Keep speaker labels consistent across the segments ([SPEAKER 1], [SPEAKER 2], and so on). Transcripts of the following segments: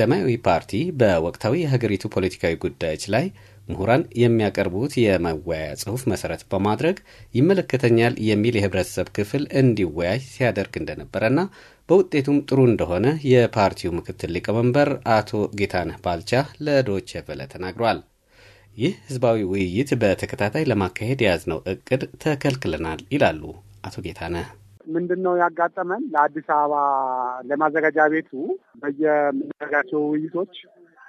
[SPEAKER 1] ሰማያዊ ፓርቲ በወቅታዊ የሀገሪቱ ፖለቲካዊ ጉዳዮች ላይ ምሁራን የሚያቀርቡት የመወያያ ጽሑፍ መሰረት በማድረግ ይመለከተኛል የሚል የህብረተሰብ ክፍል እንዲወያይ ሲያደርግ እንደነበረና በውጤቱም ጥሩ እንደሆነ የፓርቲው ምክትል ሊቀመንበር አቶ ጌታነህ ባልቻ ለዶይቼ ቬለ ተናግሯል። ይህ ህዝባዊ ውይይት በተከታታይ ለማካሄድ የያዝነው እቅድ ተከልክለናል ይላሉ አቶ ጌታነህ።
[SPEAKER 2] ምንድን ነው ያጋጠመን? ለአዲስ አበባ ለማዘጋጃ ቤቱ በየምናደርጋቸው ውይይቶች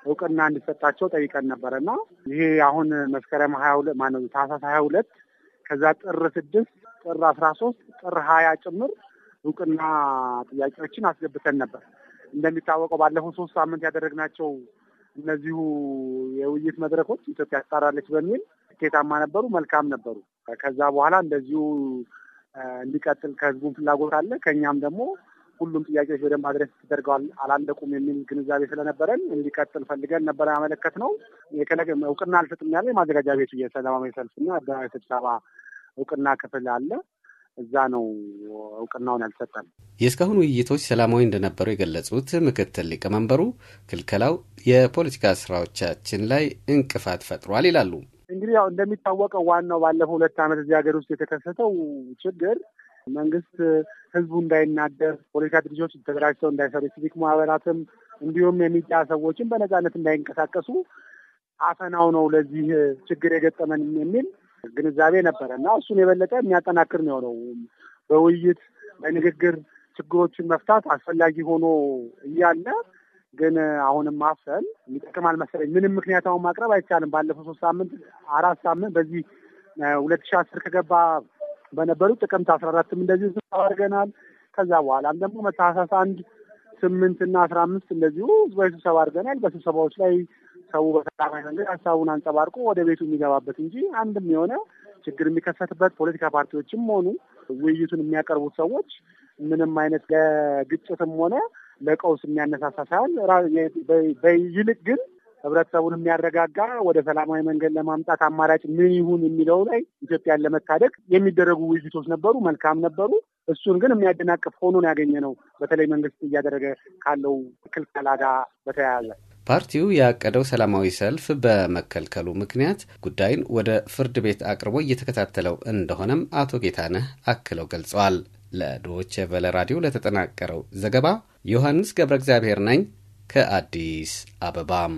[SPEAKER 2] እውቅና እንዲሰጣቸው ጠይቀን ነበር እና ይሄ አሁን መስከረም ሀያ ሁለት ማነው ታህሳስ ሀያ ሁለት ከዛ ጥር ስድስት ጥር አስራ ሶስት ጥር ሀያ ጭምር እውቅና ጥያቄዎችን አስገብተን ነበር። እንደሚታወቀው ባለፈው ሶስት ሳምንት ያደረግናቸው እነዚሁ የውይይት መድረኮች ኢትዮጵያ ትጠራለች በሚል ስኬታማ ነበሩ፣ መልካም ነበሩ። ከዛ በኋላ እንደዚሁ እንዲቀጥል ከህዝቡም ፍላጎት አለ። ከእኛም ደግሞ ሁሉም ጥያቄዎች በደንብ አድረስ ተደርገዋል አላለቁም የሚል ግንዛቤ ስለነበረን እንዲቀጥል ፈልገን ነበረ ያመለከት ነው። እውቅና አልሰጥም ያለ የማዘጋጃ ቤቱ የሰላማዊ ሰልፍና ህጋዊ ስብሰባ እውቅና ክፍል አለ። እዛ ነው እውቅናውን ያልሰጠን።
[SPEAKER 1] የእስካሁን ውይይቶች ሰላማዊ እንደነበሩ የገለጹት ምክትል ሊቀመንበሩ ክልከላው የፖለቲካ ስራዎቻችን ላይ እንቅፋት ፈጥሯል ይላሉ።
[SPEAKER 2] እንግዲህ ያው እንደሚታወቀው ዋናው ባለፈው ሁለት ዓመት እዚህ ሀገር ውስጥ የተከሰተው ችግር መንግስት ህዝቡ እንዳይናገር፣ ፖለቲካ ድርጅቶች ተደራጅተው እንዳይሰሩ፣ ሲቪክ ማህበራትም እንዲሁም የሚዲያ ሰዎችም በነፃነት እንዳይንቀሳቀሱ አፈናው ነው ለዚህ ችግር የገጠመን የሚል ግንዛቤ ነበረ እና እሱን የበለጠ የሚያጠናክር ነው የሆነው። በውይይት በንግግር ችግሮችን መፍታት አስፈላጊ ሆኖ እያለ ግን አሁንም ማፍሰል የሚጠቅም አልመሰለኝ። ምንም ምክንያት አሁን ማቅረብ አይቻልም። ባለፈው ሶስት ሳምንት አራት ሳምንት በዚህ ሁለት ሺ አስር ከገባ በነበሩ ጥቅምት አስራ አራትም እንደዚሁ ስብሰባ አድርገናል። ከዛ በኋላም ደግሞ መታሳስ አንድ ስምንት እና አስራ አምስት እንደዚሁ ህዝባዊ ስብሰባ አድርገናል። በስብሰባዎች ላይ ሰው በሰላማዊ መንገድ ሀሳቡን አንጸባርቆ ወደ ቤቱ የሚገባበት እንጂ አንድም የሆነ ችግር የሚከሰትበት ፖለቲካ ፓርቲዎችም ሆኑ ውይይቱን የሚያቀርቡት ሰዎች ምንም አይነት ለግጭትም ሆነ ለቀውስ የሚያነሳሳ ሳይሆን በይልቅ ግን ህብረተሰቡን የሚያረጋጋ ወደ ሰላማዊ መንገድ ለማምጣት አማራጭ ምን ይሁን የሚለው ላይ ኢትዮጵያን ለመታደግ የሚደረጉ ውይይቶች ነበሩ፣ መልካም ነበሩ። እሱን ግን የሚያደናቅፍ ሆኖን ያገኘ ነው። በተለይ መንግስት እያደረገ ካለው ክልከላ ጋር በተያያዘ
[SPEAKER 1] ፓርቲው ያቀደው ሰላማዊ ሰልፍ በመከልከሉ ምክንያት ጉዳይን ወደ ፍርድ ቤት አቅርቦ እየተከታተለው እንደሆነም አቶ ጌታነህ አክለው ገልጸዋል። ለዶች ቨለ ራዲዮ ለተጠናቀረው ዘገባ ዮሐንስ ገብረ እግዚአብሔር ነኝ ከአዲስ አበባም